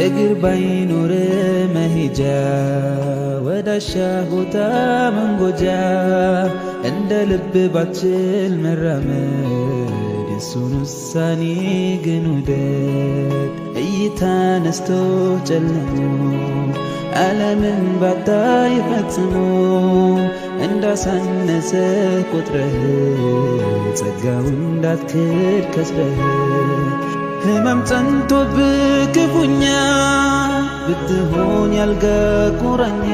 እግር ባይኖር መሄጃ ወዳሻ ቦታ መንጎጃ እንደ ልብ ባችል መራመድ እሱን ውሳኔ ግን ውደድ እይታ ነስቶ ጨለሞ ዓለምን ባታይ ፈጽሞ እንዳሳነሰ ቁጥረህ ጸጋው እንዳትክድ ከስረህ ህመም ጸንቶብህ ክፉኛ ብትሆን ያልጋ ቁራኛ።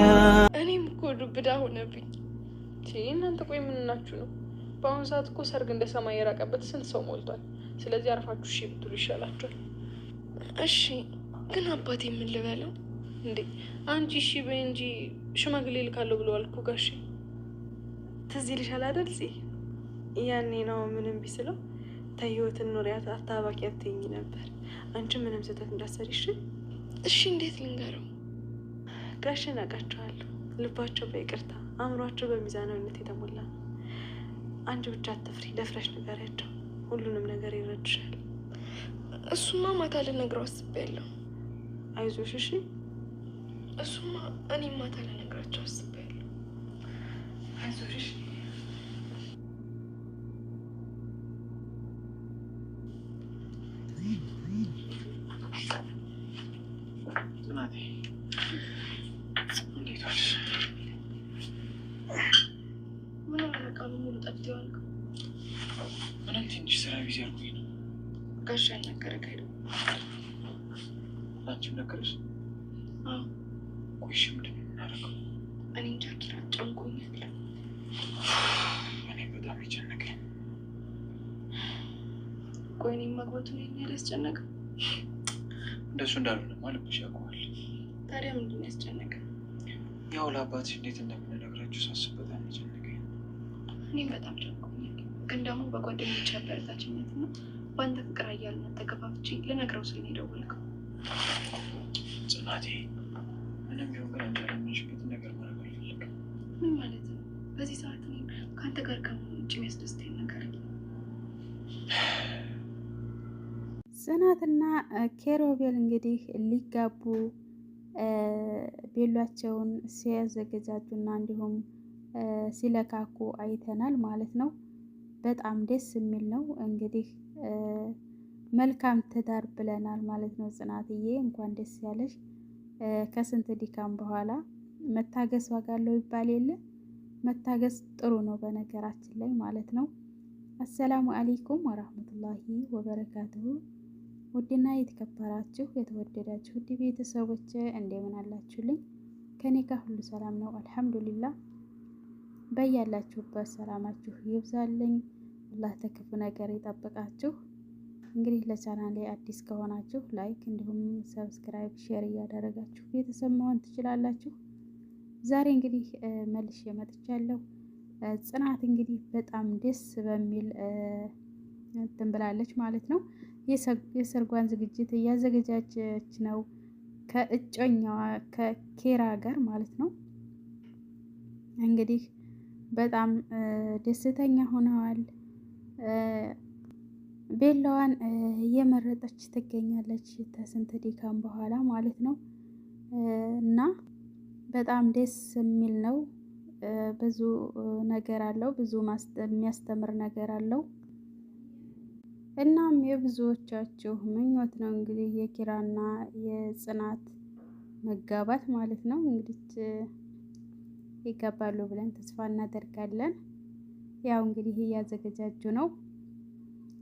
እኔም እኮ ዱብዳ ሆነብኝ። እናንተ ቆይ የምንናችሁ ነው? በአሁኑ ሰዓት እኮ ሰርግ እንደ ሰማይ የራቀበት ስንት ሰው ሞልቷል። ስለዚህ አርፋችሁ እሺ ብትሉ ይሻላችኋል። እሺ ግን አባቴ ምን ልበለው እንዴ? አንቺ እሺ በይ እንጂ ሽማግሌ ልካለሁ ብለዋል እኮ ጋሼ። ትዝ ይልሻል አይደል? ያኔ ነው ምንም ቢስለው ተህይወትን ኖሪያት አታባቂ አትይኝ ነበር። አንቺ ምንም ስህተት እንዳሰሪሽ እሺ። እንዴት ልንገረው? ጋሽን አውቃቸዋለሁ። ልባቸው በይቅርታ አእምሯቸው በሚዛናዊነት የተሞላ ነው። አንቺ ብቻ አትፍሪ፣ ደፍረሽ ንገሪያቸው። ሁሉንም ነገር ይረዱሻል። እሱማ ማታ ልነግረው አስቤያለሁ። አይዞሽ እሺ። እሱማ እኔም ማታ ልነግራቸው አስቤያለሁ። አይዞሽ ጽናቴ እንዴት ዋልሽ? ምን ሆነ? በሙሉ ጠፍተህ ዋልከው? ምንም ትንሽ ስራ ቢዚ አልኩኝ ነው። ጋሻ አልነገረህ አይደል? አንቺም ነገረሽ? አዎ። ቆይ ምንድን ነው የምናደርገው? እኔ እንጃ ኪራ፣ ጨንቆኛል። እኔም በጣም የጨነቀኝ ቆይ፣ እኔም ማግባቱ ነው የሚያስጨነቀው እንደሱ እንዳልሆነ ልብሽ ያውቀዋል። ታዲያ ምንድን ያስጨነቀ? ያው ለአባትሽ እንዴት እንደምንነግራችሁ ሳስብ ያስጨነቀ። ያስጨነቀኝ። እኔም በጣም ጨንቆኛል፣ ግን ደግሞ በጓደኞች አበረታችነት ነው በአንተ ፍቅር አያልነት ተከፋፍቼ ልነግረው ስል ነው የደወልከው። ጽናቴ፣ ምንም ቢሆን ግን አንቺ ነገር ማድረግ አልፈለግም። ምን ማለት ነው? በዚህ ሰዓት ከአንተ ጋር ከመሆኑ ጽናትና ኬሮቤል እንግዲህ ሊጋቡ ቤሏቸውን ሲያዘገጃጁና እንዲሁም ሲለካኩ አይተናል ማለት ነው። በጣም ደስ የሚል ነው። እንግዲህ መልካም ትዳር ብለናል ማለት ነው። ጽናትዬ እንኳን ደስ ያለሽ። ከስንት ድካም በኋላ መታገስ ዋጋ አለው ይባል የለ መታገስ ጥሩ ነው፣ በነገራችን ላይ ማለት ነው። አሰላሙ አሌይኩም ወራህመቱላሂ ወበረካቱሁ ውድና የተከበራችሁ የተወደዳችሁ ውድ ቤተሰቦች እንደምን አላችሁልኝ? ከኔ ጋር ሁሉ ሰላም ነው አልሐምዱሊላ። በያላችሁበት ሰላማችሁ ይብዛልኝ። አላህ ተክፉ ነገር ይጠብቃችሁ። እንግዲህ ለቻናሌ ላይ አዲስ ከሆናችሁ ላይክ፣ እንዲሁም ሰብስክራይብ፣ ሼር እያደረጋችሁ ቤተሰብ መሆን ትችላላችሁ። ዛሬ እንግዲህ መልሼ መጥቻለሁ። ጽናት እንግዲህ በጣም ደስ በሚል እንትን ብላለች ማለት ነው። የሰርጓን ዝግጅት እያዘገጃጀች ነው ከእጮኛዋ ከኬራ ጋር ማለት ነው። እንግዲህ በጣም ደስተኛ ሆነዋል። ቤላዋን እየመረጠች ትገኛለች ከስንት ድካም በኋላ ማለት ነው። እና በጣም ደስ የሚል ነው። ብዙ ነገር አለው። ብዙ የሚያስተምር ነገር አለው። እናም የብዙዎቻችሁ ምኞት ነው እንግዲህ የኪራና የጽናት መጋባት ማለት ነው። እንግዲህ ይጋባሉ ብለን ተስፋ እናደርጋለን። ያው እንግዲህ እያዘገጃጁ ነው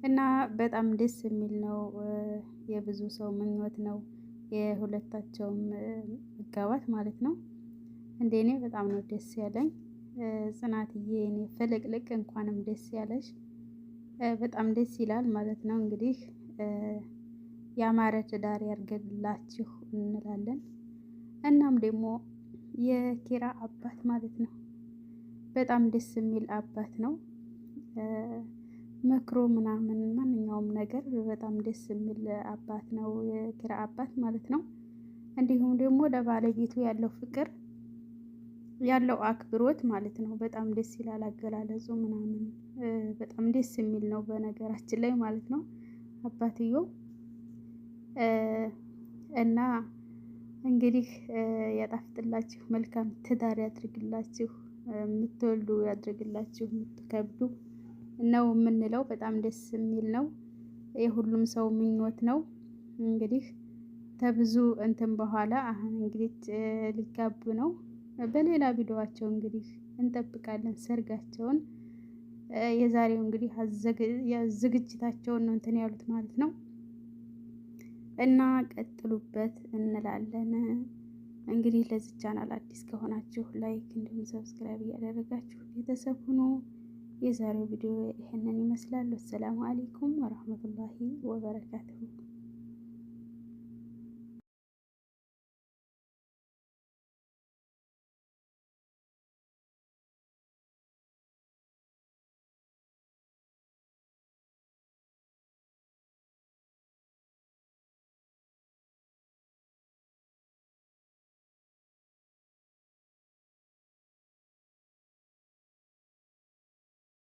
እና በጣም ደስ የሚል ነው። የብዙ ሰው ምኞት ነው የሁለታቸውም መጋባት ማለት ነው። እንደኔ እኔ በጣም ነው ደስ ያለኝ ጽናትዬ፣ እኔ ፍልቅልቅ እንኳንም ደስ ያለሽ። በጣም ደስ ይላል ማለት ነው። እንግዲህ ያማረ ትዳር ያርገላችሁ እንላለን። እናም ደግሞ የኪራ አባት ማለት ነው በጣም ደስ የሚል አባት ነው። መክሮ ምናምን ማንኛውም ነገር በጣም ደስ የሚል አባት ነው የኪራ አባት ማለት ነው። እንዲሁም ደግሞ ለባለቤቱ ያለው ፍቅር ያለው አክብሮት ማለት ነው። በጣም ደስ ይላል አገላለጹ ምናምን በጣም ደስ የሚል ነው። በነገራችን ላይ ማለት ነው አባትየው እና እንግዲህ ያጣፍጥላችሁ፣ መልካም ትዳር ያድርግላችሁ፣ የምትወልዱ ያድርግላችሁ፣ የምትከብዱ ነው የምንለው። በጣም ደስ የሚል ነው። የሁሉም ሰው ምኞት ነው። እንግዲህ ከብዙ እንትን በኋላ እንግዲህ ሊጋቡ ነው። በሌላ ቪዲዮዋቸው እንግዲህ እንጠብቃለን ሰርጋቸውን። የዛሬው እንግዲህ ዝግጅታቸውን ነው እንትን ያሉት ማለት ነው። እና ቀጥሉበት እንላለን። እንግዲህ ለዚህ ቻናል አዲስ ከሆናችሁ ላይክ እንዲሁም ሰብስክራይብ እያደረጋችሁ ቤተሰብ ሁኑ። የዛሬው ቪዲዮ ይህንን ይመስላል። አሰላሙ አሌይኩም ወረህመቱላሂ ወበረካቱሁ።